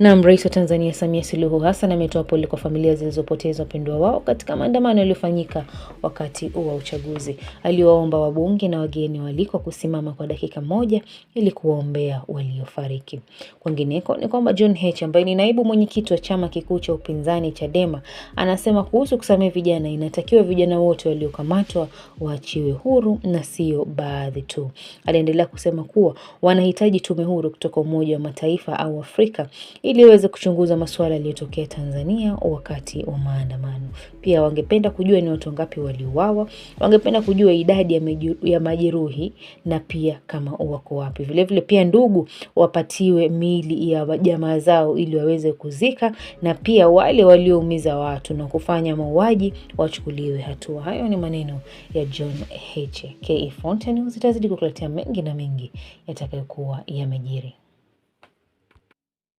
Naam, Rais wa Tanzania Samia Suluhu Hassan ametoa pole kwa familia zilizopoteza wapendwa wao katika maandamano yaliyofanyika wakati wa uchaguzi. Aliwaomba wabunge na wageni waliko kusimama kwa dakika moja ili kuwaombea waliofariki. Kwingineko ni kwamba John Heche ambaye ni naibu mwenyekiti wa chama kikuu cha upinzani Chadema anasema kuhusu kusamehe vijana, inatakiwa vijana wote waliokamatwa waachiwe huru na sio baadhi tu. Aliendelea kusema kuwa wanahitaji tume huru kutoka Umoja wa Mataifa au Afrika ili waweze kuchunguza masuala yaliyotokea Tanzania wakati wa maandamano. Pia wangependa kujua ni watu wangapi waliuawa, wangependa kujua idadi ya majeruhi na pia kama wako wapi. Vilevile vile pia ndugu wapatiwe miili ya jamaa zao ili waweze kuzika, na pia wale walioumiza watu na kufanya mauaji wachukuliwe hatua. Hayo ni maneno ya John Heche. KE Fountain News itazidi kukuletea mengi na mengi yatakayokuwa yamejiri.